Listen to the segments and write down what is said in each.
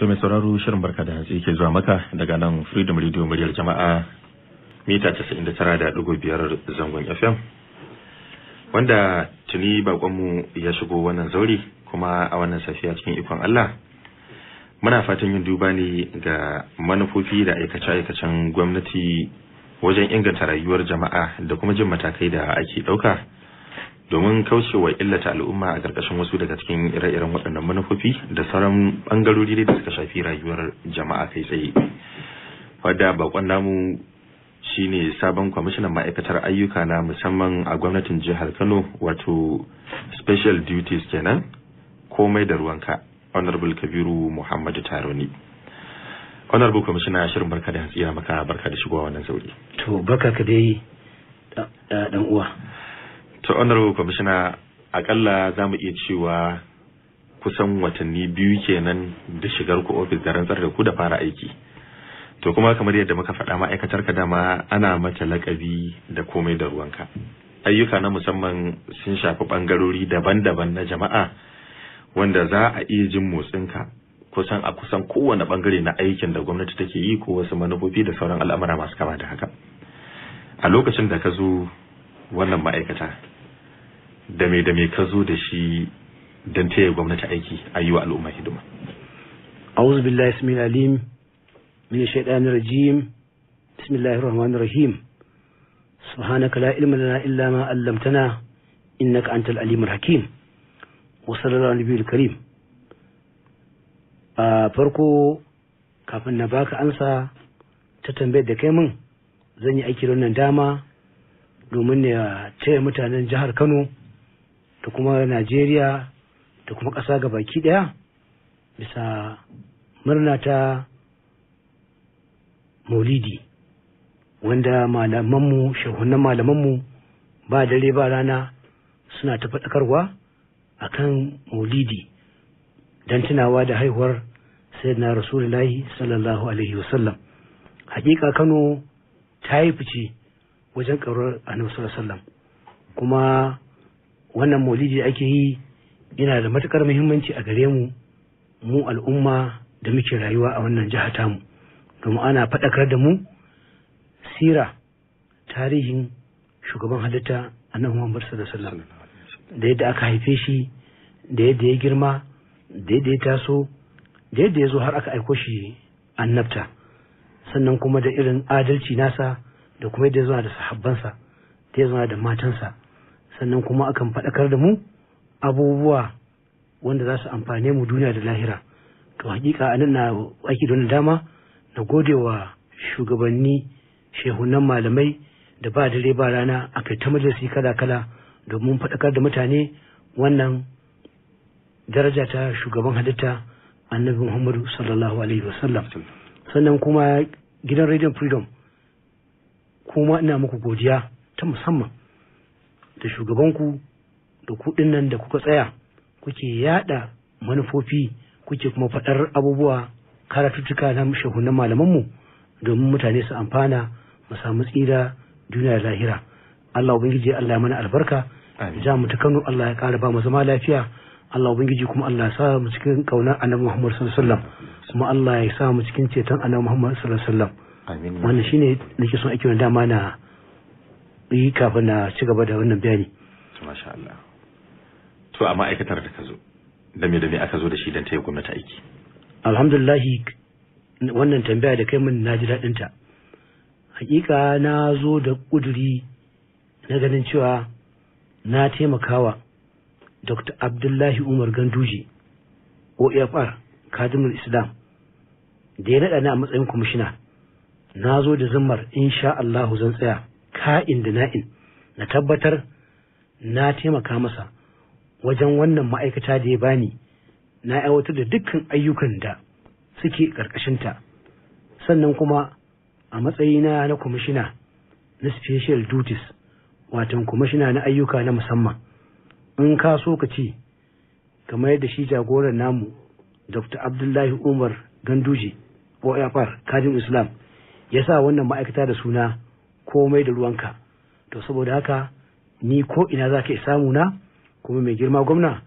so mai sauraro shirin barka da hatsi ke zuwa maka daga nan freedom radio muryar jama'a mita 99.5 zangon fm wanda tuni bakonmu ya shigo wannan zauri kuma a wannan safiya cikin ikon allah muna fatan yin duba ne ga manufofi da aikace-aikacen gwamnati wajen inganta rayuwar jama'a da kuma jin matakai da ake ɗauka. domin kaucewa illata al'umma a ƙarƙashin wasu daga cikin ire-iren waɗannan manufofi da sauran bangarori da suka shafi rayuwar jama'a kai tsaye wadda bakon namu shine sabon kwamishinan ma'aikatar ayyuka na musamman a gwamnatin jihar kano wato special duties kenan komai da ruwanka honorable kabiru muhammadu taroni honorable Kwamishinan shirin barka da hatsiya maka barka da shigowa wannan sauri to barka ka dai ɗan uwa to honorable commissioner akalla zamu iya cewa kusan watanni biyu kenan da shigar ku ofis da rantsar da ku da fara aiki to kuma kamar yadda muka faɗa ma'aikatar ka dama ana mata lakabi da komai da ruwanka ayyuka na musamman sun shafi ɓangarori daban-daban na jama'a wanda za a iya jin motsinka kusan a kusan kowane ɓangare na aikin da gwamnati take yi ko wasu manufofi da sauran al'amura masu kama da haka a lokacin da ka zo wannan ma'aikata da me da ka zo da shi don taya gwamnati aiki a yi wa al'umma hidima. A'udhu billahi min alim min shaitanir rajim bismillahir rahmanir rahim subhanaka la ilma lana illa ma 'allamtana innaka antal alimul hakim wa sallallahu alaihi wa karim a farko kafin na baka ansa ta tambayar da kai mun zan yi aiki wannan dama domin ne ce mutanen jihar Kano da kuma najeriya da kuma ƙasa ga baki ɗaya bisa murna ta maulidi wanda malamanmu shahunan malamanmu ba dare ba rana suna ta faɗakarwa a kan maulidi don tunawa da haihuwar sayyidina rasulullahi sallallahu alaihi wasallam hakika kano ta yi fice wajen ƙaurar annabi sallallahu alaihi kuma wannan maulidi ake yi yana da matukar muhimmanci a gare mu mu al'umma da muke rayuwa a wannan jiha tamu domin ana faɗakar da mu sira tarihin shugaban halitta annabi Muhammad sallallahu alaihi da yadda aka haife shi da yadda ya girma da yadda ya taso da yadda ya zo har aka aiko shi annabta sannan kuma da irin adalci nasa da kuma yadda ya zo da sahabbansa da ya zo da matansa sannan kuma akan faɗakar da mu abubuwa wanda za su amfane mu duniya da lahira to hakika nan na aiki don dama na gode wa shugabanni shehunan malamai da ba dare ba rana a kai ta majalisi kala kala domin faɗakar da mutane wannan daraja ta shugaban halitta annabi muhammadu sallallahu alaihi wasallam sannan kuma gidan radio freedom kuma ina muku godiya ta musamman da shugabanku da kuɗin nan da kuka tsaya kuke yada manufofi kuke kuma faɗar abubuwa karatuttuka na shahunan malamanmu domin mutane su amfana mu samu tsira duniya da lahira Allah ubangiji Allah ya mana albarka ja mu ta Kano Allah ya ƙara ba mu zama lafiya Allah ubangiji kuma Allah ya sa mu cikin kauna annabi Muhammad sallallahu alaihi wasallam kuma Allah ya sa mu cikin ceton annabi Muhammad sallallahu alaihi wasallam amin wannan shine nake son ake dama na yi kafin na ci gaba da wannan bayani masha Allah to a ma'aikatar da ka zo da me da me aka zo da shi dan ta yi gwamnati aiki alhamdulillah wannan tambaya da kai min na ji daɗin ta hakika na zo da ƙuduri na ganin cewa na taimakawa dr abdullahi umar ganduji ofr kadimul islam da ya naɗa ni a matsayin kwamishina na zo da zimmar insha Allahu zan tsaya ka'in da na'in na tabbatar na taimaka masa wajen wannan ma'aikata da ya bani na aiwatar da dukkan ayyukan da suke ƙarƙashinta sannan kuma a matsayina na kwamishina na special duties watan kwamishina na ayyuka na musamman in ka so ka ce kamar yadda shi jagoran namu dr abdullahi umar ganduje ofr kajin islam ya sa wannan ma'aikata da suna komai da ruwanka to saboda haka ni ko ina za ka samu na kuma mai girma gwamna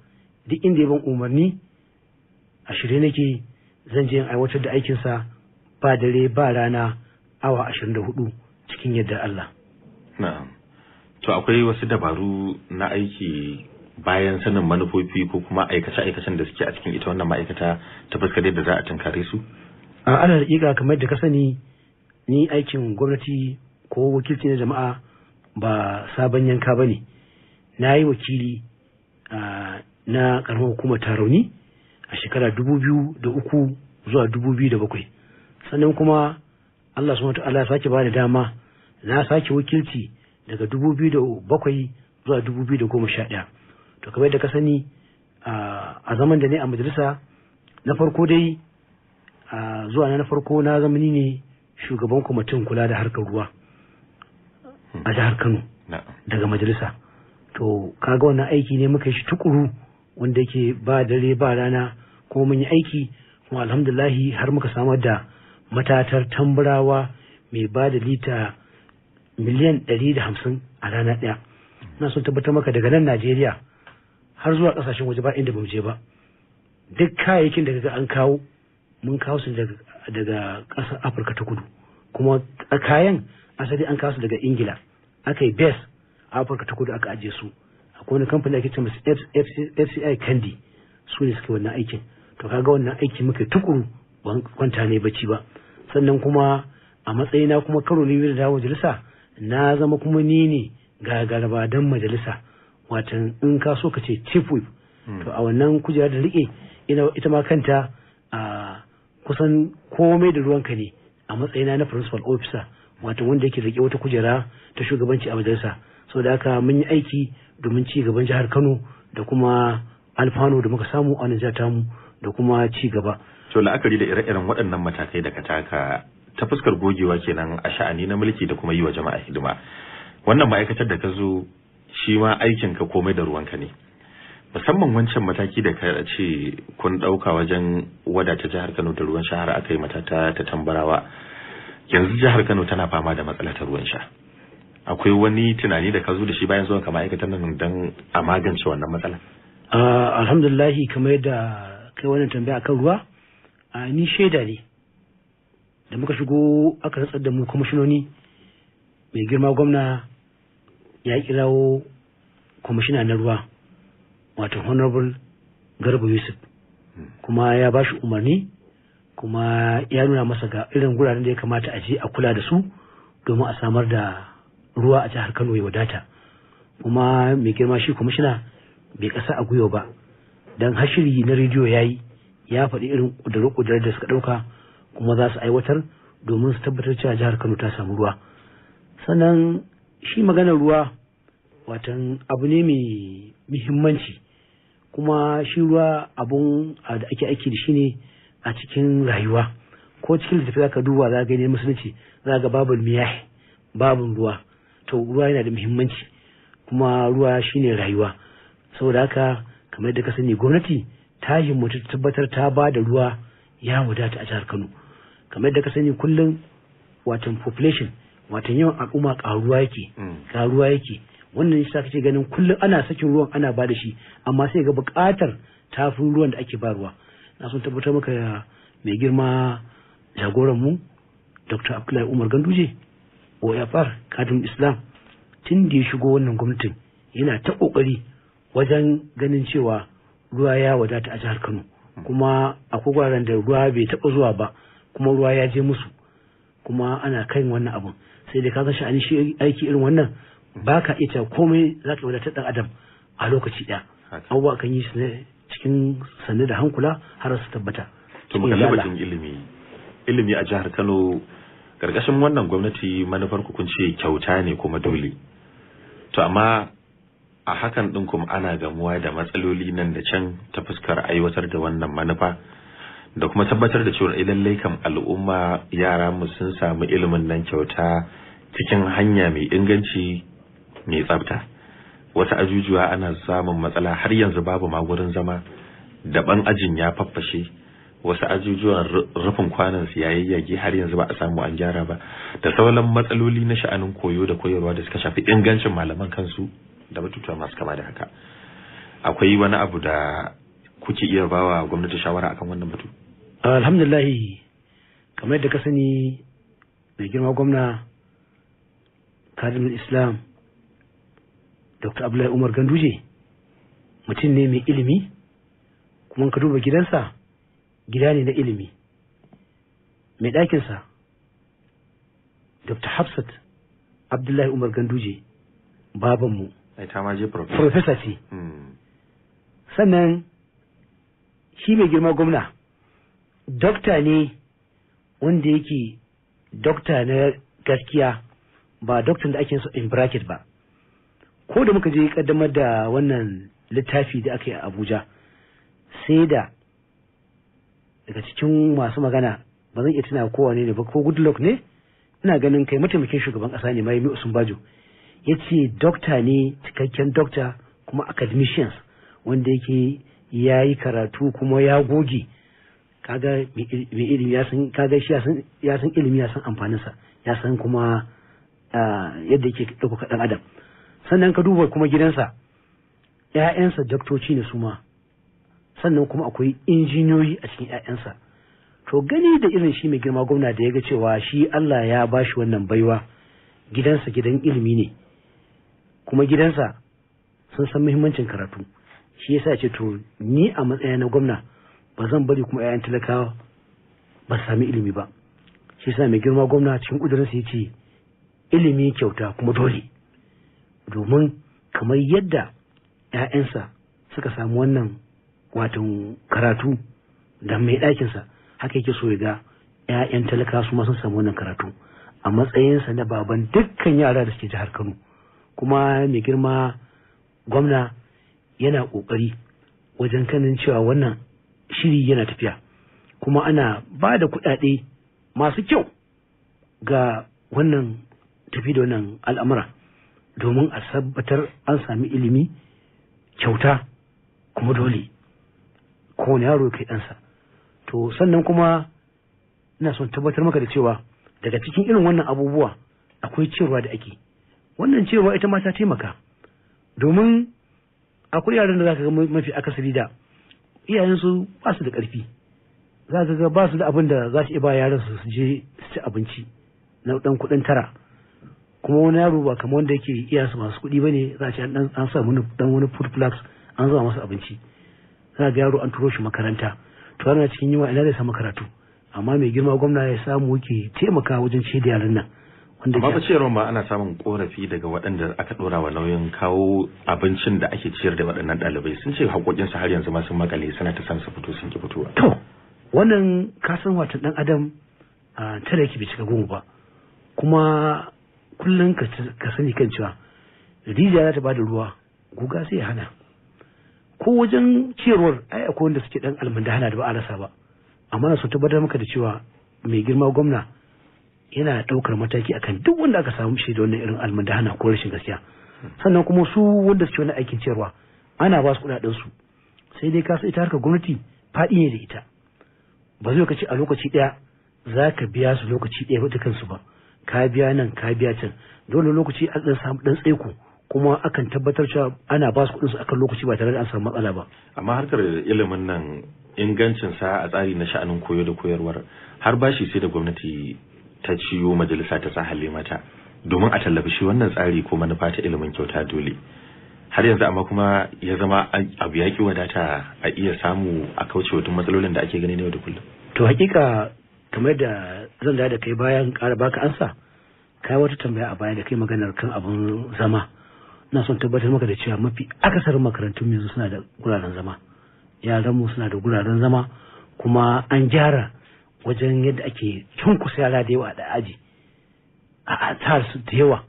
duk inda ya ban umarni a shirye nake zan je in aiwatar da aikinsa ba dare ba rana awa ashirin da hudu cikin yadda Allah. To akwai wasu dabaru na aiki bayan sanin manufofi ko kuma aikace-aikacen da suke a cikin ita wannan ma'aikata ta fuskar da za a tunkare su? A ana hakika kamar da ka sani ni aikin gwamnati ko wakilci na jama'a ba sabon yanka ba ne na yi wakili na karamar hukumar tarauni a shekara dubu biyu da uku zuwa dubu biyu da bakwai sannan kuma allah subhanahu ta'ala ya sake ba da dama na sake wakilci daga dubu biyu da bakwai zuwa dubu biyu da goma sha ɗaya to kamar da ka sani a zaman da ne a majalisa na farko dai zuwa na farko na zamani ne shugaban kwamitin kula da harkar ruwa a jihar Kano daga majalisa to kaga wannan aiki ne muka yi shi tukuru wanda yake ba dare ba rana kuma mun yi aiki kuma alhamdulahi har muka samar da matatar tambarawa mai ba da lita miliyan ɗari da hamsin a rana ɗaya na son tabbatar maka daga nan Najeriya har zuwa ƙasashen waje ba inda bamu je ba duk kayayyakin da kaga an kawo mun kawo su daga ƙasar Afirka ta kudu kuma kayan asali an kasu daga ingila aka yi bes a afirka ta kudu aka ajiye su akwai wani kamfani ake ce masu fci kandi su ne suke wannan aikin to kaga wannan aiki muka tukuru ban kwanta ne bacci ba sannan kuma a matsayina kuma karo ne da majalisa na zama kuma ni ne gagaraba dan majalisa watan in ka so ka ce chief whip hmm. to a wannan kujera da rike ina ita ma kanta a kusan komai da ruwanka ne a matsayina na principal officer wato wanda yake rike wata kujera ta shugabanci a majalisa sau da haka mun yi aiki domin ci gaban jihar Kano da kuma alfano da muka samu a jihar tamu da kuma ci gaba to la'akari da ire-iren waɗannan matakai da ka taka ta fuskar gogewa kenan a sha'ani na mulki da kuma yi wa jama'a hidima wannan ma'aikatar da ka zo shi ma aikin ka komai da ruwanka ne musamman wancan mataki da ka ce kun ɗauka wajen wadata jihar Kano da ruwan shahara aka yi matata ta tambarawa yanzu jihar Kano tana fama da matsalar ruwan sha akwai wani tunani da ka zo da shi bayan zuwan ka ma'aikatan nan don a magance wannan matsala ah, alhamdulillah kamar yadda kai wannan tambaya akan ruwa a ni shaida ne da muka shigo aka rantsar da mu kwamishinoni mai girma gwamna ya kirawo kwamishina na ruwa wato honorable garba yusuf hmm. kuma ya ba shi umarni kuma ya nuna masa ga irin guraren da ya kamata a je a kula da su domin a samar da ruwa a jihar Kano ya wadata kuma mai girma shi kwamishina bai kasa a gwiwa ba don hashiri na rediyo ya yi ya faɗi irin ƙudurar da suka ɗauka kuma za su aiwatar domin su tabbatar cewa jihar Kano ta samu ruwa sannan shi maganar ruwa watan abu ne mai muhimmanci kuma shi ruwa abun da ake aiki da shi ne a cikin rayuwa ko cikin littafi ka duba za ga ne musulunci za ga babul miyahi babu ruwa to ruwa yana da muhimmanci kuma ruwa shine rayuwa saboda haka kamar yadda ka sani gwamnati ta yi ta tabbatar ta ba da ruwa ya wadata a jihar Kano kamar yadda ka sani kullum watan population watan yawan al'umma karuwa yake karuwa mm. yake wannan yasa kace ganin kullum ana sakin ruwan ana ba da shi amma sai ga bukatar tafin ruwan da ake ba ruwa na sun tabbatar maka mai girma jagoran mu dr abdullahi umar ganduje oyafar kadin islam tun da ya shigo wannan gwamnatin yana ta kokari wajen ganin cewa ruwa ya wadata a jihar kano kuma akwai guraren da ruwa bai taba zuwa ba kuma ruwa ya je musu kuma ana kan wannan abun sai da kaga sha'ani shi aiki irin wannan baka ka ita komai za ka wadatar dan adam a lokaci ɗaya abubuwa kan yi su ne cikin sanne da hankula har su tabbata to mu kalli ilimi ilimi a jihar Kano karkashin wannan gwamnati manufar ku kun ce kyauta ne kuma dole to amma a hakan din kuma ana gamuwa da matsaloli nan da can ta fuskar aiwatar da wannan manufa da kuma tabbatar da cewa idan eh, laikan al'umma yara mu sun samu ilimin nan kyauta cikin hanya mai inganci mai tsafta wata ajujuwa ana samun matsala har yanzu babu magurin zama daban ajin ya faffashe wasu ajujuwan rufin kwanan su yayyage har yanzu ba a samu an gyara ba da sauran matsaloli na sha'anin koyo da koyarwa da suka shafi ingancin malaman kansu da batutuwa masu kama da haka akwai wani abu da kuke iya bawa gwamnati shawara akan wannan batu alhamdulillah kamar yadda ka sani mai girma gwamna kadin islam dr abdullahi umar ganduje mutum ne mai ilimi kuma ka duba gidansa gida ne na ilimi mai ɗakinsa dr hafsat abdullahi umar ganduje babanmu profesa ce hmm. sannan shi mai girma gwamna dokta ne wanda yake dokta na gaskiya ba doktan da ake so in bracket ba ko da muka je kaddamar da wannan littafi da aka yi a abuja sai da daga cikin masu magana ba zan iya tuna kowa ne ba ko goodluck ne ina ganin kai mataimakin shugaban kasa ne mai usun bajo ya ce dokta ne cikakken dokta kuma academicians wanda yake ya yi karatu kuma ya goge kaga mai ilimi ya san kaga shi ya san ilimi ya san amfaninsa ya san kuma ah, yadda yake ɗaukaka ɗan adam sannan ka duba kuma gidansa ‘ya'yansa daktoci ne su ma sannan kuma akwai injiniyoyi a cikin ‘ya'yansa to gani da irin shi mai girma gwamna da ya ga cewa shi Allah ya ba shi wannan baiwa gidansa gidan ilimi ne kuma gidansa sun san muhimmancin karatu shi yasa ce to ni a matsaya na gwamna ba zan bari kuma 'ya'yan talakawa ba su sami ilimi ba shi sa mai girma gwamna cikin ƙudurinsa ya ce ilimi kyauta kuma dole domin kamar yadda 'ya'yansa suka samu wannan watan karatu da mai ɗakinsa haka yake so ya ga 'ya'yan talaka su ma sun samu wannan karatu a matsayinsa na baban dukkan yara da suke jihar kano kuma mai girma gwamna yana ƙoƙari wajen kanin cewa wannan shiri yana tafiya kuma ana ba da kuɗaɗe masu kyau ga wannan tafi da wannan al'amura domin a sabbatar an sami ilimi kyauta kuma dole kowane yaro kai ɗansa to sannan kuma ina son tabbatar maka da cewa daga cikin irin wannan abubuwa akwai cewa da ake wannan cewa ita ma ta taimaka domin akwai yaran da zaka ga mafi akasari da iyayensu ba su da ƙarfi za ga ba su da abin da za su iya ba yaran su je su ci abinci na ɗan kuɗin tara kuma wani yaro ba kamar wanda yake iya su masu kuɗi bane za a ce an sa wani dan wani food plus an zama masa abinci za ga yaro an turo shi makaranta to ana cikin yunwa ina zai samu karatu amma mai girma gwamna ya samu yake taimaka wajen ce da yaran nan wanda ba ce ba ana samun korafi daga waɗanda aka dora wa nauyin kawo abincin da ake ciyar da waɗannan ɗalibai sun ce su har yanzu ma sun makale suna ta san su fito sun ki fitowa to wannan kasan watan dan adam a ah, tare ki bai cika goma ba kuma kullum ka sani kan cewa rijiya za ta ba da ruwa guga sai ya hana ko wajen ciyarwar ai akwai wanda suke dan almandahana da ba a rasa ba amma na so tabbatar maka da cewa mai girma gwamna yana daukar mataki akan duk wanda aka samu shi da wannan irin almandahana ko rashin gaskiya sannan kuma su wanda suke wani aikin ciyarwa ana ba su kudaden su sai dai ka ita harkar gwamnati faɗi ne da ita ba zai ka ce a lokaci daya za ka biya su lokaci daya ba kansu ba ka biya nan ka biya can dole lokaci a dan samu dan tsaiko kuma akan tabbatar cewa ana ba su su akan lokaci ba tare da an samu matsala ba amma harkar ilimin nan ingancin sa a tsari na sha'anin koyo da koyarwar har bashi sai da gwamnati ta ciyo majalisa ta sahale mata domin a tallafi shi wannan tsari ko manufa ta ilimin kyauta dole har yanzu amma kuma ya zama abu ya wadata a iya samu a kauce wa duk matsalolin da ake gani na yau da kullum to hakika kamar da zan da kai bayan ƙara baka ansa kai wata tambaya a baya da kai maganar kan abun zama na son tabbatar maka da cewa mafi akasarin makarantun yanzu suna da guraren zama yaran mu suna da guraren zama kuma an gyara wajen yadda ake cunkusa yara da yawa da aji a tsar su da yawa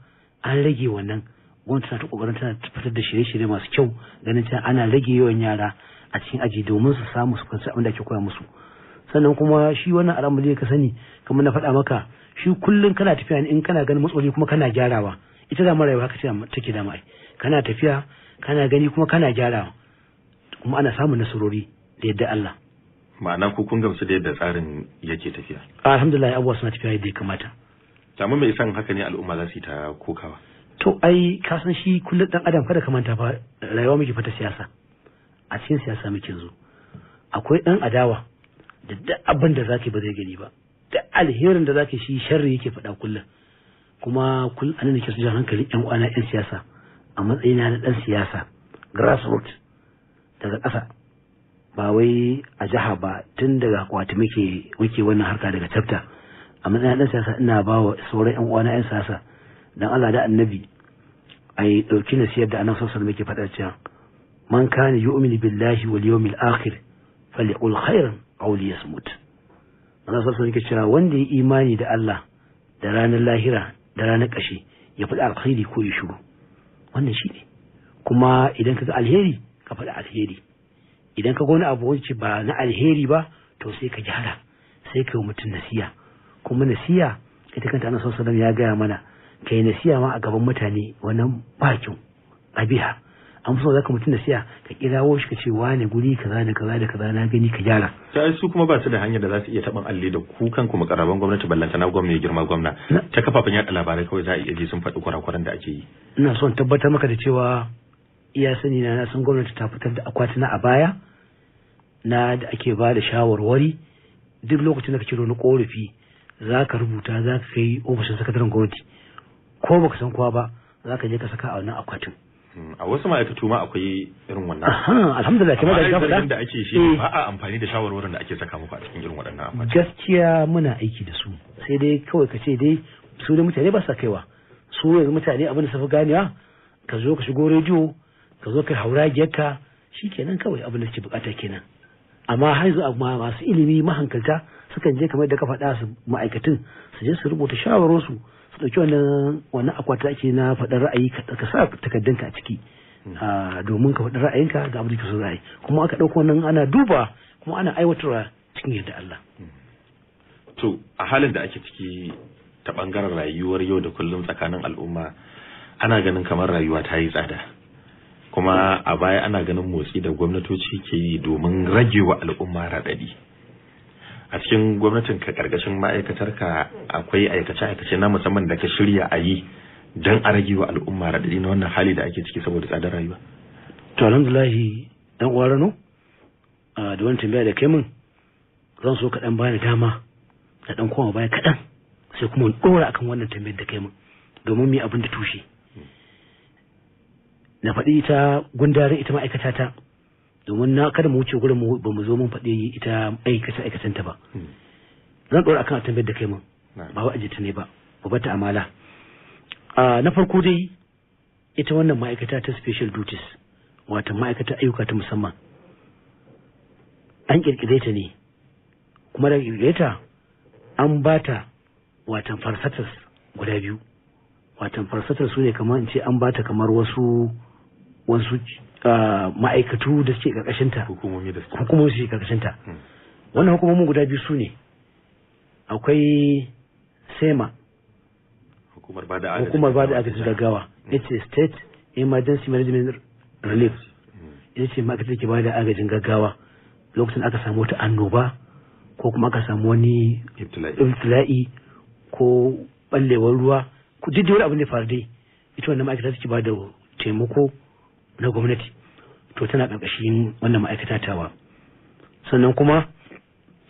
an rage wannan gwamnati tana ta kokarin tana fitar da shirye-shirye masu kyau ganin cewa ana rage yawan yara a cikin aji domin su samu su kwanci abin da ake koya musu sannan kuma shi wannan al'amari ka sani kamar na faɗa maka shi kullum kana tafiya in kana ganin matsaloli kuma kana gyarawa ita da mara haka ce take da mai kana tafiya kana gani kuma kana gyarawa kuma ana samun nasarori da yadda Allah ma'ana ku kun gamsu da yadda tsarin yake tafiya alhamdulillah abubuwa suna tafiya yadda ya kamata tamu mai san haka ne al'umma za su yi ta kokawa to ai ka san shi kullum dan adam kada ka manta fa rayuwa muke fata siyasa a cikin siyasa muke zo akwai dan adawa da duk abin da zaki ba zai gani ba da alherin da zaki shi sharri yake faɗa kullum kuma kullum anan nake su jan hankalin yan uwana yan siyasa a matsayina na dan siyasa grassroots daga ƙasa ba wai a jiha ba tun daga akwati muke muke wannan harka daga chapter a matsayin dan siyasa ina ba wa sauran yan uwana yan siyasa dan Allah da annabi ai dauki nasiyar da annabi sallallahu alaihi wasallam yake faɗa cewa man kana yu'minu billahi wal yawmil akhir falyaqul khairan auliyas mut ana sarsa yake cewa wanda ya imani da Allah da ranar lahira da ranar ƙashi ya faɗi alkhairi ko ya shuru wannan shi ne kuma idan ka ga alheri ka faɗi alheri idan ka gona abu wacce ba na alheri ba to sai ka gyara sai ka yi mutum nasiya kuma nasiya ita kanta ana sallallahu ya gaya mana kai nasiya ma a gaban mutane wannan bakin abiha an so zaka mutum da siya ka kirawo shi ka ce wane guri kaza da kaza da kaza na gani ka gyara ta su kuma ba su da hanyar da za su iya taban alli da ku kanku makaraban gwamnati ballanta na gwamnati girma gwamna ta kafafen yada labarai kawai za a iya ji sun faɗi kwarakwaran da ake yi ina son tabbatar maka da cewa iya sani na san gwamnati ta fitar da akwatina a baya na da ake ba da shawarwari duk lokacin da ka da na korafi za ka rubuta za ka kai ofishin sakataren gwamnati ko baka san kowa ba za ka je ka saka a wannan akwatin Mm, a wasu ma'aikatu ma akwai irin wannan alhamdulillah kamar da ka faɗa da ake shi eh. ba a amfani da shawarwarin da ake saka muku a cikin irin waɗannan amfani gaskiya muna aiki da su sai dai kawai ka ce dai su da mutane ba sa kaiwa su yanzu mutane abin da safa ganewa ka zo ka shigo rediyo ka zo ka haura giyarka kenan kawai abin da ke bukata kenan amma har yanzu masu ilimi mahankalta sukan je kamar da ka faɗa su ma'aikatun su je su rubuta shawarwarsu su ɗauki wannan wannan akwata ake na faɗin ra'ayi ka sa takaddanka a ciki hmm. ah, domin ka faɗi ra'ayinka ga abin da so ra'ayi kuma aka ɗauko nan ana duba kuma ana aiwatarwa cikin yadda Allah. Hmm. To a halin da ake ciki ta ɓangaren rayuwar yau da kullum tsakanin al'umma ana ganin kamar rayuwa ta yi tsada kuma a baya ana ganin motsi da gwamnatoci ke yi domin ragewa al'umma raɗaɗi. a cikin gwamnatin ka karkashin ma'aikatar ka akwai aikace-aikace na musamman da ka shirya a yi don a rage wa al'umma raɗaɗi na wannan hali da ake ciki saboda tsadar rayuwa. To alhamdulahi ɗan uwa rano da wani tambaya da kai min zan so kaɗan bani dama da ɗan koma baya kaɗan sai kuma ɗora akan wannan tambayar da kai min domin mu abin da tushe. Na faɗi ta gundarin ita ma'aikata ta domin na kada mu wuce gurin ba mu zo mun faɗi ita aikata ta ba hmm. zan ɗora akan tambayar da kai mun ba wa ajita ne ba ba bata amala na farko dai ita wannan ma'aikata ta special duties wata ma'aikata ayyuka ta musamman an kirkire ta ne kuma da kirkire ta an ba ta watan farsatas guda biyu watan farsatas su ne kamar in ce an ba ta kamar wasu wasu ah, ma'aikatu da suke karkashinta hukumomi da suke karkashinta hmm. wannan hukumomin guda biyu su ne akwai sema hukumar ba da agajin gaggawa ita ce state emergency management relief hmm. ita ce ma'aikatar ke ba da agajin gaggawa lokacin aka samu wata annoba ko kuma aka samu wani ibtila'i ko ballewar ruwa duk da wani abin da faru dai ita wannan ma'aikata take ba da taimako na gwamnati to tana ƙarƙashin wannan ma'aikata tawa sannan kuma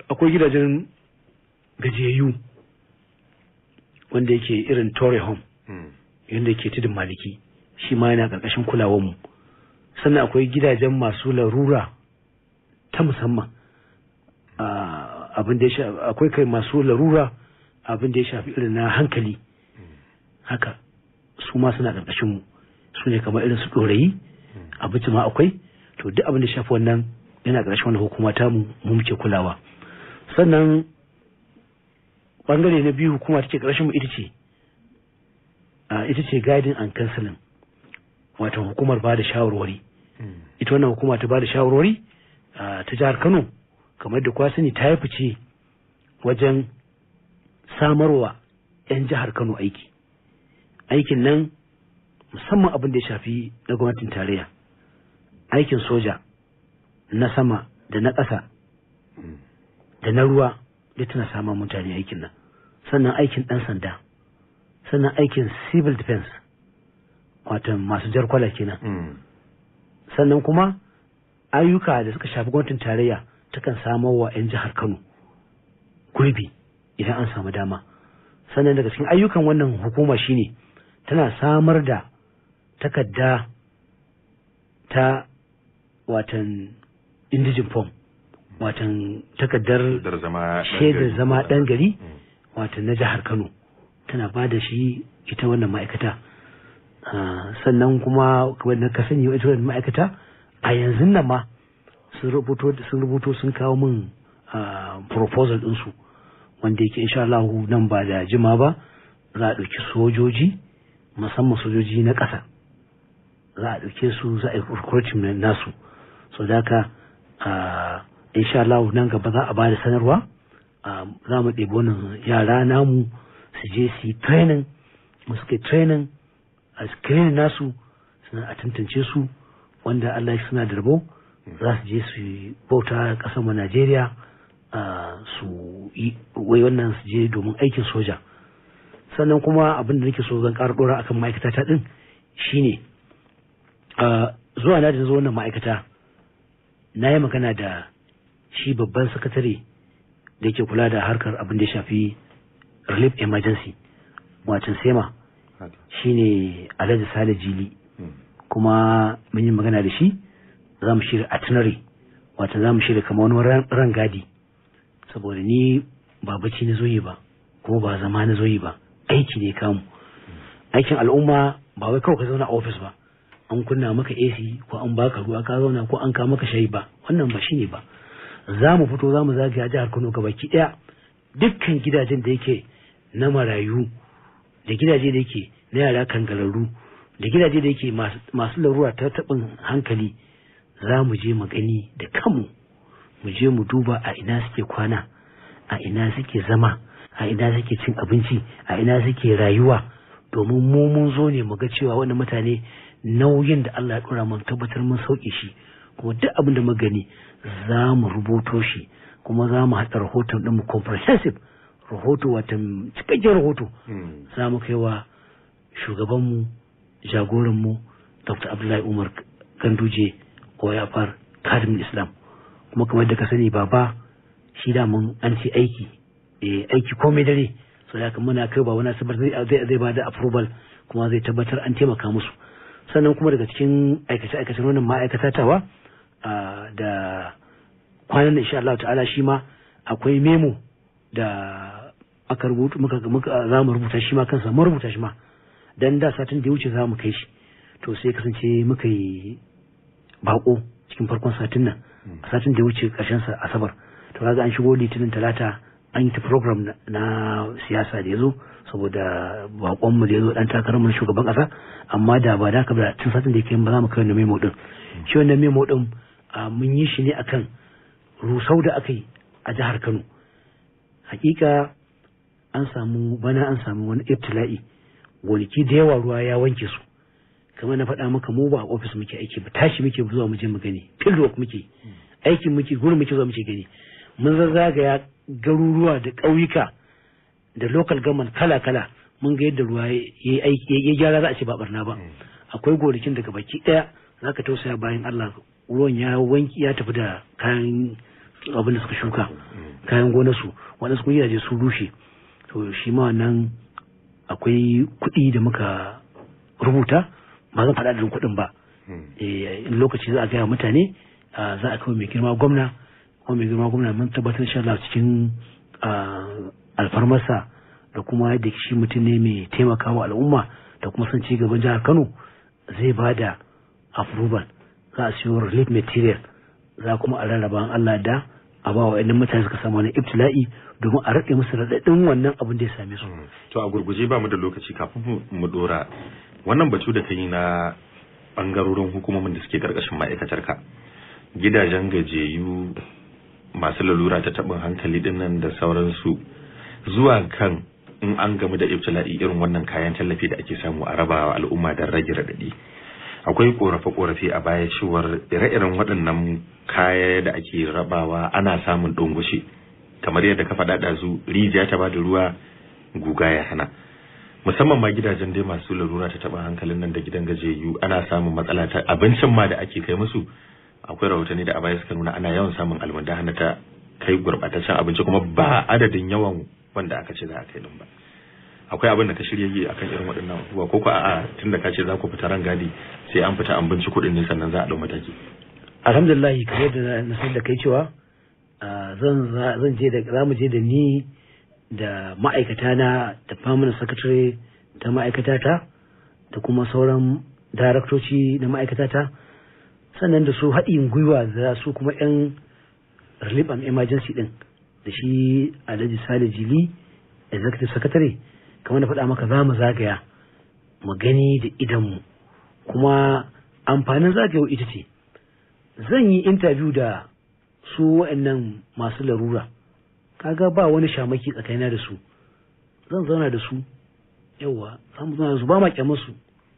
akwai gidajen gajiyayyu wanda yake irin tore home hmm. yadda ke tudun maliki shi ma yana ƙarƙashin kulawarmu sannan akwai gidajen masu larura ta musamman ah, abin da akwai kai masu larura abin da ya shafi irin na hankali hmm. haka su ma suna ƙarƙashinmu su ne kamar irin su ɗorayi abinci ma akwai to duk abin da shafi wannan yana ƙarshen wani hukuma ta mu muke kulawa sannan bangare na biyu hukuma take ƙarshen mu ita ce ita ce guiding and counseling wato hukumar ba da shawarwari hmm. ita wannan hukuma ta ba da shawarwari ta jihar kano kamar da kwa sani ta fice wajen samarwa 'yan jihar kano aiki aikin nan musamman abin da ya shafi na gwamnatin tarayya aikin soja na sama da na ƙasa da na ruwa duk tana sama mutane aikin nan sannan aikin ɗan sanda sannan aikin civil defense wato masu jar kwala kenan hmm. sannan kuma ayyuka da suka shafi gwamnatin tarayya takan samar wa 'yan jihar kano gurbi idan an samu dama sannan daga cikin ayyukan wannan hukuma shine tana samar da takarda ta watan indijin form watan takardar shaidar zama ɗan gari hmm. watan na jihar kano tana ba da shi ita wannan ma'aikata ah, sannan kuma wadda ka sani ita ma'aikata a yanzu nan ma sun rubuto sun kawo min ah, proposal ɗinsu wanda yake insha Allah nan ba da jima ba za a ɗauki sojoji musamman sojoji na ƙasa za a ɗauke su za a yi nasu so da ka insha Allah nan gaba za a ba da sanarwa za mu ɗebi wannan yara namu su je su yi training mu suke training a screen nasu suna a tantance su wanda Allah suna da rabo za su je su bauta ƙasar mu Najeriya su wai wannan su je domin aikin soja sannan kuma abin da nake so zan ƙara ɗora akan ma'aikata ta ɗin shine zuwa na da zo wannan ma'aikata na yi magana da shi babban sakatare da yake kula da harkar abin da shafi relief emergency wacin sema shi ne alhaji sale jili hmm. kuma mun yi magana da shi za mu shirya itinerary wacin za mu shirya kama wani gadi saboda ni ba bacci na zoyi ba ko ba zama na zoyi ba aiki ne kamu hmm. aikin al'umma ba wai kawai ka zauna a ofis ba an kunna maka AC ko an baka ruwa ka zauna ko an ka maka shayi ba wannan ba shine ba za mu fito za mu zagaya jihar Kano ga baki daya dukkan gidajen da yake na marayu da gidaje da yake na yara kan galaru da gidaje da yake masu larura ta tabin hankali za mu je mu gani da kanmu mu je mu duba a ina suke kwana a ina suke zama a ina suke cin abinci a ina suke rayuwa domin mu mun zo ne mu ga cewa wannan mutane nauyin da Allah ya ɗora mun tabbatar mun sauke shi kuma duk abin da magani za mu rubuto shi kuma za mu haɗa rahoton mu comprehensive rahoto wata cikakken rahoto hmm. za mu kai wa shugabanmu jagoranmu dr abdullahi umar ganduje far kadimin islam kuma kamar da ka sani baba shi da mun an ce aiki eh, aiki komai dare so da muna kai ba wani asibar zai ba da approval kuma zai tabbatar an taimaka musu sannan kuma daga cikin aikace aikace wannan ma'aikata tawa da kwanan insha Allah ta'ala shi ma akwai memo da aka rubuta muka za mu rubuta shi ma kansa mu rubuta shi ma dan da satin da ya wuce za mu kai shi to sai kasance muka yi bako cikin farkon satin nan a hmm. satin da wuce karshen sa asabar to kaga an shigo litinin talata an yi program na siyasa da ya zo saboda bakonmu da ya zo dan takarar mun shugaban kasa amma da ba da ba tun satin da yake ba za mu kai wannan memo din hmm. shi wannan memo din mun yi shi ne akan rusau da aka yi a jihar Kano hakika an samu bana an samu wani ibtila'i gonaki da yawa ruwa ya wanke su kamar na faɗa maka mu ba a ofis muke aiki ba tashi muke zuwa mu je mu gani field muke hmm. aikin muke gurin muke zuwa muke gani mun zazzagaya garuruwa da ƙauyuka da local government kala-kala mun ga yadda ruwa ya aiki ya gyara za a ce ba barna ba hmm. akwai gonakin daga baki ɗaya za ka tausaya bayan Allah ruwan ya wanki ya tafi da kayan abin da suka shuka hmm. kayan gonarsu waɗansu kun gidaje su rushe to shi ma wannan akwai kuɗi da muka rubuta ba zan faɗa da kuɗin ba hmm. eh, lokaci za a gaya mutane ah, za a kawo mai girma gwamna kuma mai girma gwamna mun tabbatar insha Allah cikin alfarmarsa da kuma yadda shi mutum ne mai taimakawa al'umma da kuma son ci gaban jihar Kano zai ba da approval za a siyo relief material za kuma a rarraba Allah da a ba wa mutane suka samu wani ibtila'i domin a rage musu raɗaɗin wannan abin da ya same su. Hmm. To a gurguje ba mu da lokaci kafin mu ɗora wannan batu da kai na bangarorin hukumomin da suke karkashin ma'aikatar ka gidajen gajeyu masu lalura ta tabin hankali din nan da sauransu zuwa kan in an gamu da ibtila'i irin wannan kayan tallafi da ake samu a rabawa al'umma don rage raɗaɗi akwai korafe-korafe a baya cewar ire-iren waɗannan kaya da ake rabawa ana samun ɗungushi kamar yadda ka faɗa zu rijiya ta bada ruwa guga ya hana musamman ma gidajen dai masu lalura ta taɓa hankalin nan da gidan gajiyayyu ana samun matsala ta abincin ma da ake kai musu akwai rahotanni da abaya suka nuna ana yawan samun hana ta kai gurbataccen abinci kuma ba adadin yawan wanda aka ce za a kai din ba akwai abin da ka shirya yi akan irin waɗannan abubuwa ko ko a'a tunda da ka ce za ku fita ran gadi sai an fita an binci kuɗin ne sannan za a ɗau mataki alhamdulillah kamar da na san da kai cewa zan zan je da za mu je da ni da ma'aikata na da permanent secretary ta ma'aikata ta da kuma sauran daraktoci na ma'aikata ta sannan da su haɗin gwiwa za su kuma 'yan relief and emergency ɗin da shi alhaji sale jili executive secretary kamar da faɗa maka za mu zagaya mu gani da idanmu kuma amfanin zagayewa ita ce zan yi interview da su wa'annan masu larura kaga ba wani shamaki tsakanina da su zan zauna da su yauwa za mu zauna da su ba ma kyamarsu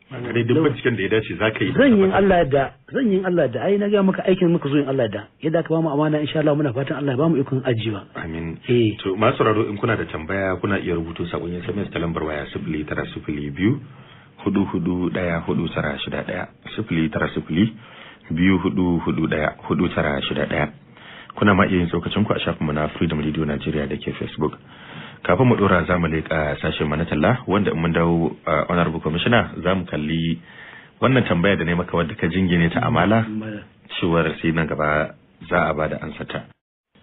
dai duk binciken da ya dace za ka yi zan yi Allah da zan yi Allah da ai na ga maka aikin muka zo yin Allah da yadda ka ba mu amana insha Allah muna fatan Allah ba mu ikon ajiwa amin eh. to masu sauraro in kuna da tambaya kuna iya rubuto sakon yin SMS ta lambar waya biyu hudu hudu daya hudu tara shida daya sifili tara sifili biyu hudu hudu daya hudu tara shida daya kuna ma iya yin tsokacin ku a shafinmu na freedom radio nigeria da ke facebook kafin mu dora za mu leƙa sashen mana talla wanda in mun dawo honorable commissioner za mu kalli wannan tambaya da ne maka wadda ka jingine ta amala cewar sai nan gaba za a bada ansata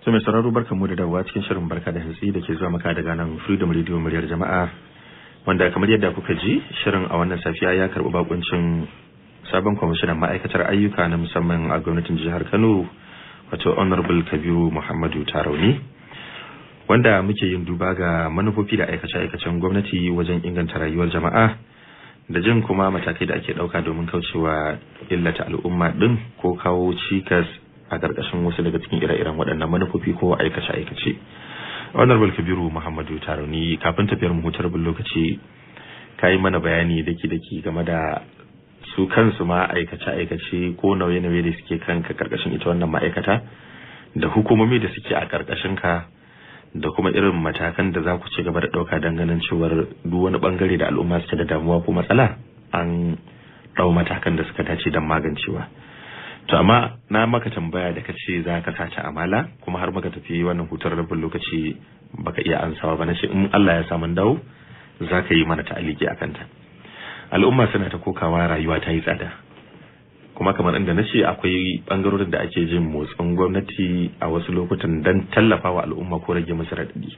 to mai sauraro barka mu da dawowa cikin shirin barka da hantsi da ke zuwa maka daga nan freedom radio muryar jama'a wanda kamar yadda kuka ji shirin a wannan safiya ya karɓi bakuncin sabon kwamishinan ma'aikatar ayyuka na musamman a gwamnatin jihar kano wato honorable kabiru muhammadu tarauni wanda muke yin duba ga manufofi da aikace-aikacen gwamnati wajen inganta rayuwar jama'a da jin kuma matakai da ake ɗauka domin kaucewa illata al'umma din ko kawo cikas a ƙarƙashin wasu daga cikin ire-iren waɗannan manufofi ko aikace-aikace. Honorable Kabiru Muhammadu Taroni kafin tafiyar mu hutar lokaci ka yi mana bayani daki-daki game da su kansu ma aikace-aikace ko nauye-nauye da suke kanka ƙarƙashin ita wannan ma'aikata da hukumomi da suke a karkashin ka da kuma irin matakan da za ku ci gaba da ɗauka ganin cewar duk wani bangare da al'umma suke da damuwa ko matsala an ɗau matakan da suka dace don magancewa to amma na maka tambaya da kace za ka sace amala kuma har maka tafi wannan hutar rabin lokaci baka iya ansawa ba na ce in Allah ya samu dawo za ka yi mana ta'aliki a kanta. al'umma suna ta kokawa rayuwa ta yi tsada kuma kamar inda na ce akwai bangarorin da ake jin motsin gwamnati a wasu lokutan don tallafa wa al'umma ko rage musu raɗaɗi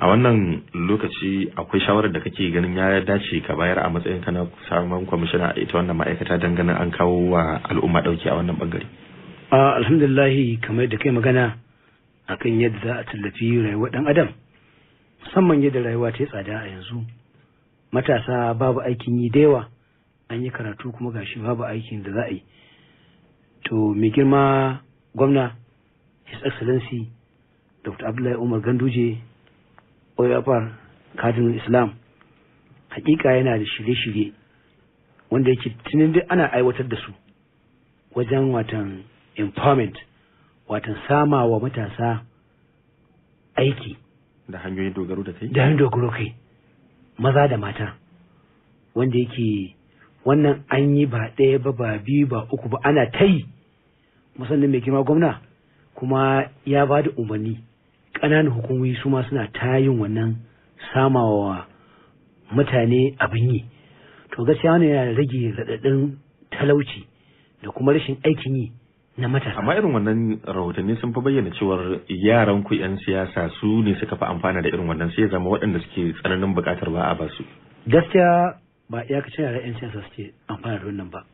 a wannan lokaci akwai shawarar da kake ganin ya dace ka bayar a matsayin kana samun kwamishina a ita wannan ma'aikata don ganin an kawo wa al'umma ɗauki a wannan bangare alhamdulillahi kamar da kai magana akan yadda za a tallafi rayuwar ɗan adam musamman yadda rayuwa ta yi tsada a yanzu matasa babu aikin yi da yawa an yi karatu kuma gashi babu aikin da za a yi to mai girma gwamna his excellency dr abdullahi umar ganduje oyafar kadin islam hakika yana da shirye-shirye wanda yake tunin duk ana aiwatar da su wajen watan empowerment watan sama wa matasa aiki da hanyoyin dogaro da kai da hanyoyin dogaro kai maza da mata wanda yake wannan an yi ba ɗaya ba ba biyu ba uku ba ana ta yi musamman mai girma gwamna kuma ya ba da umarni ƙananan hukumomi su ma suna ta yin wannan samawa mutane abin yi to gaskiya wani yana rage raɗaɗin talauci da kuma rashin aikin yi na matasa amma irin wannan rahotanni sun fi bayyana cewar yaran ku yan siyasa su ne suka fi amfana da irin wannan sai zama waɗanda suke tsananin buƙatar ba a ba gaskiya ba kace yara 'yan siyasa suke amfana da wannan ba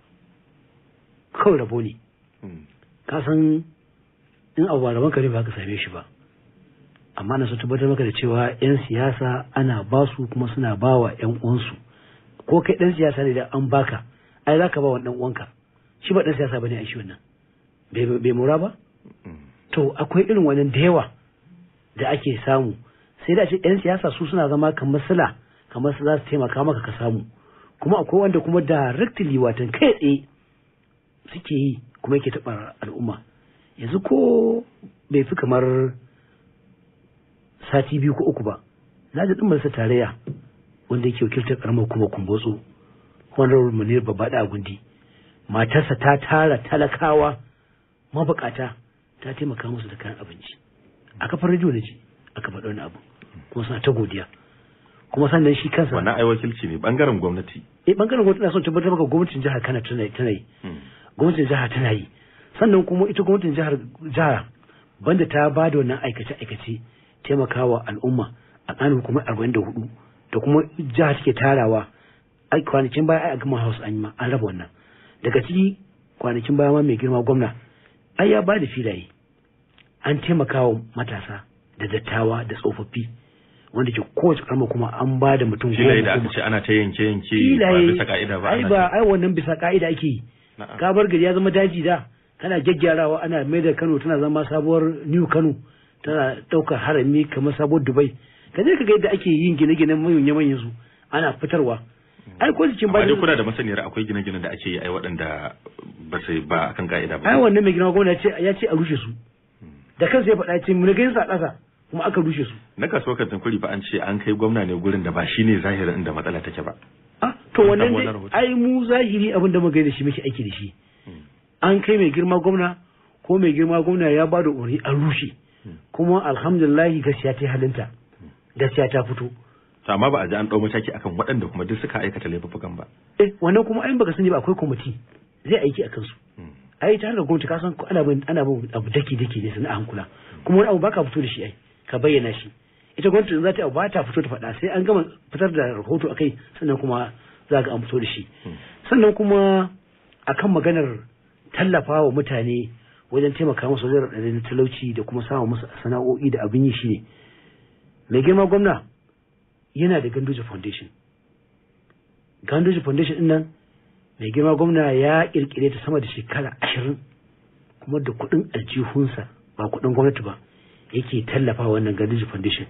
kawai rabo ne hmm. ka san in abu ba rabon kare ba ka same shi ba amma na su tabbatar maka da cewa 'yan siyasa ana ba su kuma suna ba wa 'yan uwansu ko kai ɗan siyasa ne da an baka ai za ka ba wa ɗan uwanka shi ba ɗan siyasa ba ne a shi wannan bai mura ba hmm. to akwai irin wannan da yawa da ake samu sai da ce 'yan siyasa su suna zama kamar sila kamar su za su taimaka maka ka samu kuma akwai wanda kuma directly watan kai tsaye suke yi kuma yake taɓa al'umma yanzu ko bai fi kamar sati biyu ko uku ba na ji ɗin tarayya wanda yake wakiltar ƙaramar kuma kumbotso honorable munir a gundi matarsa ta tara talakawa mabukata ta taimaka musu da kayan abinci a kafar rediyo na ji aka faɗa wani abu kuma suna ta godiya kuma sannan shi kansa wannan ai wakilci ne bangaren gwamnati eh bangaren gwamnati na son tabbatar maka gwamnatin jihar Kano tana tana yi hmm. gwamnatin jihar tana yi sannan kuma ita gwamnatin jihar jihar banda ta ba da wannan aikace aikace taimakawa al'umma a kanin hukumar 44 da hudu kuma jihar take tarawa ai kwanakin baya ai a gama house an yi ma an raba wannan daga ciki kwanakin baya ma mai girma gwamna ai ya ba da filaye an taimakawa matasa da dattawa da tsofaffi wanda ke kowace karma kuma an ba da mutum goma da aka ce ana ta yanke yanke ba bisa ka'ida ba ai ba ai wannan bisa ka'ida ake yi Kabar gari ya zama daji da kana gyaggyarawa ana mai da Kano tana zama sabuwar New Kano tana daukar harami kamar sabuwar Dubai ka je ka ga yadda ake yin gine-ginen manyan manyan su ana fitarwa mm. ai ko cikin bada kuna da masaniyar akwai gine-gine da ake yi ai waɗanda ba sai ba akan ka'ida ba ai wannan mai gina gwamnati ya ce a rushe su mm. da kansa ya faɗa ce mu ga yin sa ƙasa kuma aka rushe su na kasuwar kantin kuri ba an ce an kai gwamna ne gurin da ba shi ne zahirin inda matsala take ba ah to wannan dai ai mu zahiri abin da muka da shi muke aiki da shi an kai mai girma gwamna ko mai girma gwamna ya ba da umarni an rushe kuma alhamdulillah gaskiya ta halinta gaskiya ta fito To amma ba a ji an ɗau mataki akan waɗanda kuma duk suka aikata laifukan ba eh wannan kuma ai baka sani ba akwai kwamiti zai aiki akan su hmm. ai ta harkar gwamnati ka san ana bin ana bin abu daki daki ne sana a hankula kuma wani abu baka fito da shi ai ka bayyana shi ita gwamnati za ta ba ta fito ta faɗa sai an gama fitar da rahoto a kai sannan kuma za ga an fito da shi hmm. sannan kuma akan maganar tallafa wa mutane wajen taimaka musu wajen raɗaɗin talauci da kuma samun masu sana'o'i da abin yi shine mai girma gwamna yana da gandoji foundation gandoji foundation din nan mai girma gwamna ya kirkire ta sama da shekara ashirin kuma da kuɗin aljihunsa ba kuɗin gwamnati ba yake tallafa wannan Gadiji Foundation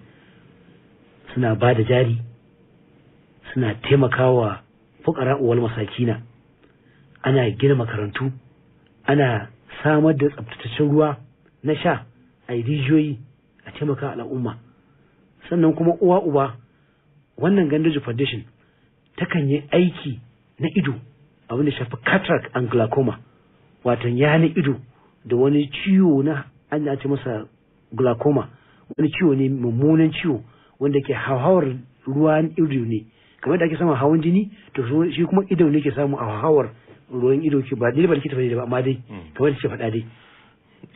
suna ba da jari suna taimakawa fukara uwal masakina ana gina makarantu ana samar da tsabtataccen ruwa na sha a rijiyoyi a taimaka al'umma sannan kuma uwa uba wannan Gandaji Foundation takan yi aiki na ido abin da shafi cataract and glaucoma watan ya ido da wani ciwo na an ce masa glaucoma wani ciwo ne mummunan ciwo wanda ke hauhawar ruwan ido ne kamar da ake samun hawan jini to shi kuma ido ne ke samu hauhawar ruwan ido ke ba dai ba likita bane ba amma dai hmm. kamar da ke faɗa dai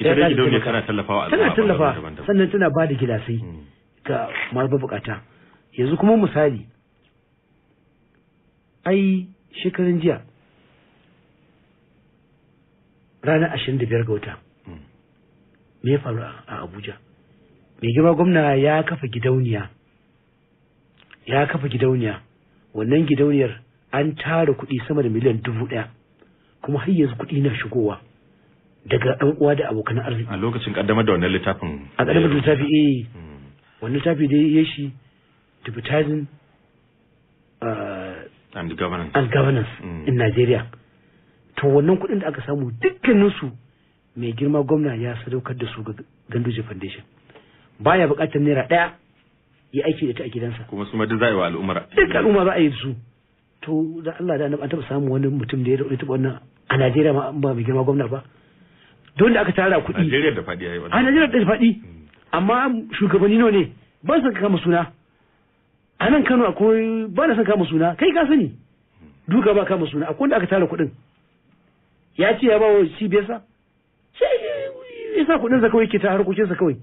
ita dai ido ne tana tallafawa tana tallafa sannan tana ba da gilasai hmm. ga masu bukata yanzu kuma misali ai shekarun jiya ranar ashirin da biyar ga wata me ya faru a abuja mai girma gwamna ya kafa gidauniya ya kafa gidauniya wannan gidauniyar an tara kuɗi sama da miliyan dubu ɗaya kuma har yanzu kuɗi na shigowa daga ɗan uwa da abokan arziki a lokacin kaddamar da wannan littafin a kaddamar da littafi eh hmm. wannan littafi da ya shi deputizing uh, and governance and governance hmm. in Nigeria to wannan kuɗin da aka samu dukkaninsu mai girma gwamna ya sadaukar da su ga ganduje foundation baya buƙatar naira ɗaya ya aiki da ta a gidansa kuma su ma zai wa al'umma duk al'umma za a yi su to da Allah da an taɓa samun wani mutum da ya taɓa wannan a Najeriya ma ba mai girma gwamna ba don da aka tara kuɗi A Najeriya da faɗi yayi wannan a Najeriya da faɗi amma shugabanni nawa ne ba su kama suna a nan Kano akwai ba na san kama suna kai ka sani duka ba kama suna akwai da aka tara kuɗin ya ce ya ba wa cibiyarsa sai yasa kudin sa kawai ke ta harkokin sa kawai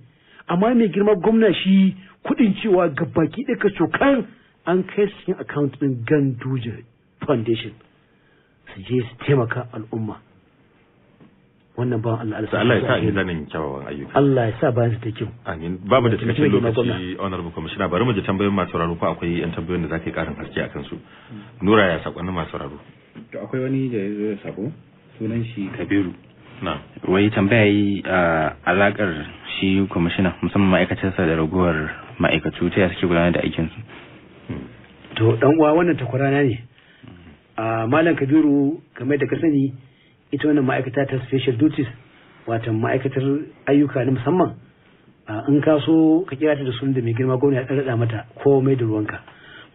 amma mai girma gwamna shi kudin cewa ga baki ɗaya cokan an kai su cikin account din ganduja foundation su je su taimaka al'umma wannan ba Allah Allah Allah ya sa ni ilanin kyawawan ayyuka Allah ya sa ba ni ta kyau amin ba mu da cikin lokaci honorable commissioner bari mu ji tambayoyin masu sauraro ko akwai yan tambayoyin da zaka yi karin haske akan su nura ya sakonni masu sauraro to akwai wani da ya zo ya sako sunan shi Kabiru wai tambaya yi a alakar shi kwamishina musamman ma'aikacinsa da raguwar ma'aikatu ta suke gudanar da aikinsu hmm. to dan uwa wannan takwarana ne a malam kabiru kamar da ka sani ita wannan ma'aikata ta special duties wata ma'aikatar ayyuka na musamman in ka so ka kira ta da sun da mai girma gwamna ya tsarada mata ko mai da ruwanka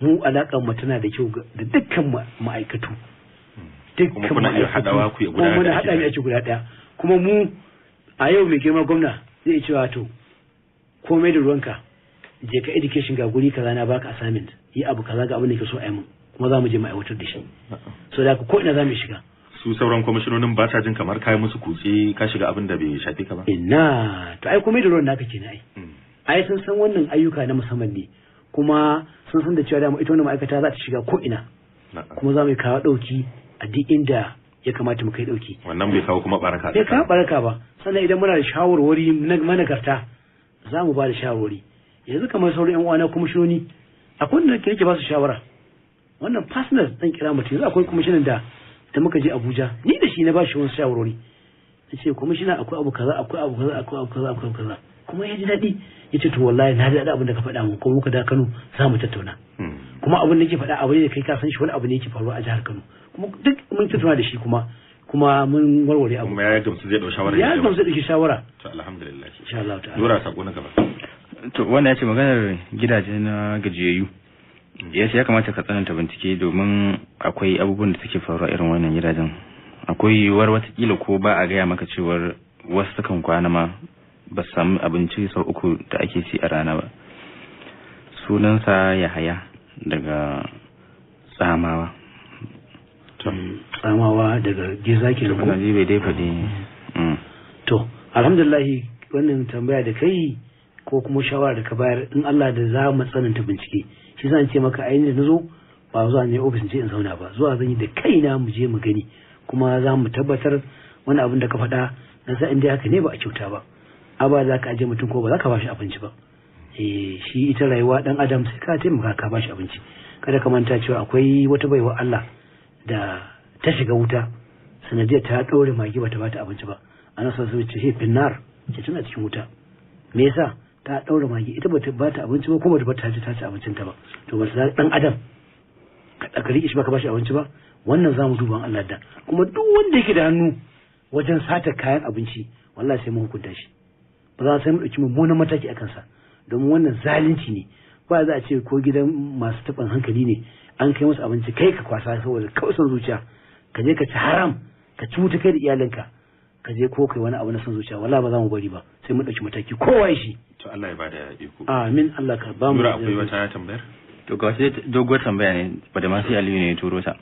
mu alaƙar mu tana da kyau da dukkan ma'aikatu hmm. dukkan ma'aikatu kuma muna haɗa ne guda ɗaya kuma mu a yau mai girma gwamna zai cewa to komai da ruwanka je ka education ga guri kaza na baka assignment yi abu kaza ga abin da ke so a yi mun kuma za mu je mu aiwatar da shi so da ko ina za mu shiga su sauran kwamishinonin ba sa jin kamar kayan musu kutse ka shiga abin da bai shafe ka ba ina to ai komai da ruwan naka kenan ai hmm. ai sun san wannan ayyuka na musamman ne kuma sun san da cewa dama ita wannan ma'aikata za ta shiga ko ina kuma za mu kawo dauki a duk inda ya kamata mu kai dauki wannan bai kawo kuma baraka bai kawo baraka ba sannan idan muna da shawarwari na managarta za mu ba da shawarwari yanzu kamar sauran yan uwana shoni akwai wanda yake ba su shawara wannan personal zan kira mutum yanzu akwai kwamishinan da da muka je Abuja ni da shi na ba shi wani shawarwari yace kwamishina akwai abu kaza akwai abu kaza akwai abu kaza akwai abu kaza kuma ya ji daɗi ya ce to wallahi na ji daɗi abin da ka faɗa mu ko muka da Kano za mu tattauna kuma abin da yake faɗa abin ne da kai ka san shi wani abu ne yake faruwa a jihar Kano kuma duk mun tattauna da shi kuma kuma mun warware abu ya gamsu zai dau shawara ya gamsu da shawara to alhamdulillah insha Allah ta'ala dora sako na gaba to wannan yace maganar gidaje na gajiyayyu ya ya kamata ka tsananta bincike domin akwai abubuwan da suke faruwa irin wannan gidajen akwai yiwuwar watakila ko ba a gaya maka cewar wasu sukan kwana ma ba su samu abinci sau uku da ake ci a rana ba sunansa yahaya daga tsamawa tsamawa daga giza ke nan bai dai faɗi mm. to alhamdulahi wannan tambaya da kai ko kuma shawara da ka bayar in Allah da za mu tsananta bincike shi zan ce maka ainihin na zo ba zuwa ne ofis ce in zauna ba zuwa zan yi da kaina mu je mu gani kuma za mu tabbatar wani abin da ka faɗa na sa in dai haka ne ba a kyauta ba a ba za ka aje mutum ko ba za ka ba shi abinci ba Eh, shi ita rayuwa dan adam sai ka taimaka ka bashi abinci kada ka manta cewa akwai wata baiwa Allah da ta shiga wuta sanadiyar ta dore magi bata bata abinci ba ana sa su ce nar ce tana cikin wuta me yasa ta ɗaure magi ita bata bata abinci ba kuma bata ta ci abincin ta ba to ba sai dan adam ka kari shi ba ka bashi abinci ba wannan zamu duban Allah da kuma duk wanda yake da hannu wajen sata kayan abinci wallahi sai mun hukunta shi ba za sai mu ɗauki mummunan mataki akan sa domin wannan zalunci ne ba za a ce ko gidan masu taɓin hankali ne an kai musu abinci kai ka kwasa saboda kausan zuciya ka je ka ci haram ka ci wuta kai da iyalinka ka je ko kai wani abu na son zuciya wala ba za mu bari ba sai mu ɗauki mataki kowa shi to Allah ya bada iko amin Allah ka ba mu akwai wata tambayar to ga wasu doguwar tambaya ne da masu aliyu ne ya turo sa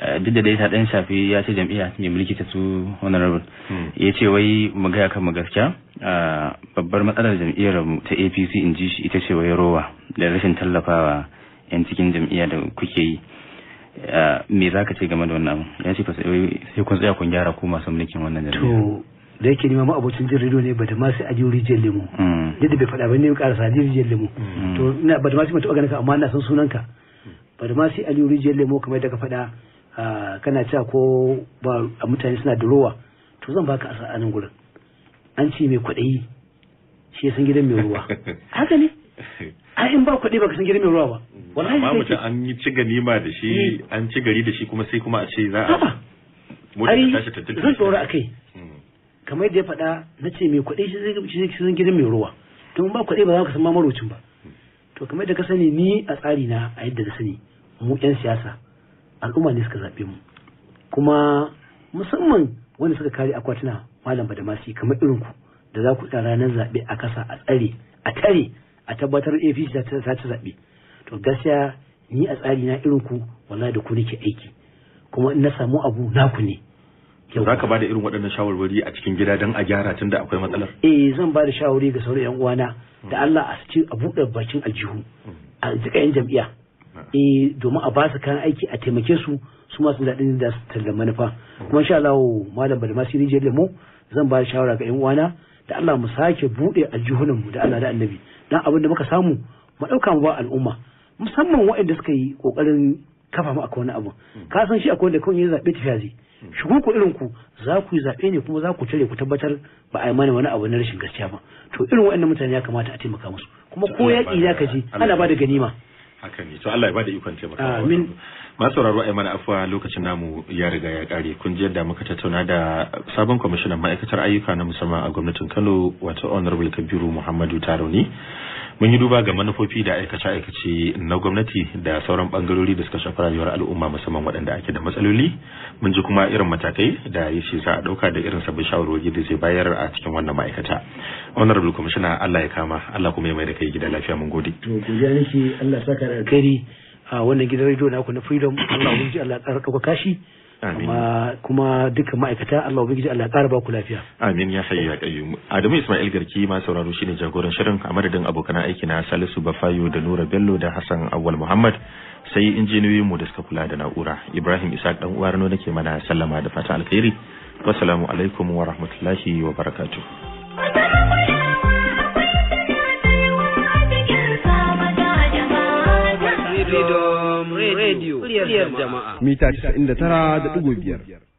eh, duk da dai ta dan shafi ya ce jam'iyya mai mulki ta su honorable hmm. ya ce wai mu gaya kan mu gaskiya babbar matsalar jam'iyyar ta apc in ji shi ita ce wai rowa da rashin tallafawa yan cikin jam'iyya da kuke yi eh, me za ka ce game da wannan abu ya ce sai kun tsaya kun gyara ko masu mulkin wannan jam'iyyar da yake nima ma abocin jin rediyo ne bata masu sai a jin rijiyar lemu mm. yadda bai faɗa bane ne sa jin rijiyar lemu mm. to na bata masu sai mutu ganin ka amma na san sunanka bata masu sai a rijiyar lemu kamar yadda ka faɗa kana cewa ko ba mutane suna da ruwa to zan baka a sa'anin gurin an ce mai kwaɗayi shi ya san gidan mai ruwa haka ne a in ba kwaɗayi baka san gidan mai ruwa ba wallahi amma mutum an yi ci ganima da shi eh. an ci gari da shi kuma sai kuma a ce za a mota ta tashi ta kamar yadda ya faɗa na ce mai kuɗi shi zan gidan mai ruwa to ba kuɗi ba za ka san mamarocin ba to kamar da ka sani ni a tsari na a yadda da sani mu yan siyasa al'umma ne suka zaɓe mu kuma musamman wanda suka kare akwatuna malam badamasi kamar irin ku da za ku tsara ranar zaɓe a kasa a tsare a tare a tabbatar APC ta zaɓe to gaskiya ni a tsari na irin ku wallahi da ku nake aiki kuma in na samu abu naku ne za ka bada irin waɗannan shawarwari a cikin gida don a gyara tun da akwai matsalar eh zan bada shawari ga sauran yan uwana da Allah a ci a buɗe bakin aljihu a yan jam'iyya eh domin a ba su kayan aiki a taimake su su masu daɗin da su tallan manufa kuma insha Allah malam Balma Siri mu. zan ba da shawara ga yan uwana da Allah mu sake buɗe aljihunan mu da Allah da Annabi dan abin da muka samu mu ɗauka mu ba al'umma musamman waɗanda suka yi ƙoƙarin kafa mu akwai wani abu ka san shi akwai da kun ya zaɓe tafiya zai Hmm. shigo ku irin ku za ku yi zaɓe ne kuma za ku cire ku tabbatar ba a yi mana wani abu na rashin gaskiya ba to irin waɗannan mutane ya kamata a taimaka musu kuma ko yaƙi na kaji ana ba da ganima haka ne to Allah ya bada ikon taimaka amin masu sauraro ai mana afuwa lokacin namu ya riga ya kare kun ji yadda muka tattauna da sabon kwamishinan ma'aikatar ayyuka na musamman a gwamnatin Kano wato honorable Kabiru Muhammadu Taroni mun yi duba ga manufofi da aikace-aikace na gwamnati da sauran bangarori da suka shafi rayuwar al'umma musamman waɗanda ake da matsaloli mun ji kuma irin matakai da ya ce za a ɗauka da irin sabbin shawarwari da zai bayar a cikin wannan ma'aikata honorable commissioner Allah ya kama Allah kuma ya mai da kai gida lafiya mun gode to ji Allah saka alkhairi a wannan gidan rediyo naku na freedom Allah ji Allah ya ɗaukaka kashi. amma kuma duka ma'aikata Allah ubangiji Allah ya ba ku lafiya amin ya sayi ya kayyum Adamu Ismail Garki ma sauraro shine jagoran shirin a madadin abokan aiki na Salisu Bafayo da Nura Bello da Hassan Awwal Muhammad sai injiniyoyin mu da suka kula da na'ura Ibrahim Isa dan uwar no nake mana sallama da fata alkhairi wassalamu alaikum wa rahmatullahi wa barakatuh rediyo muryar jama'a mita 99.5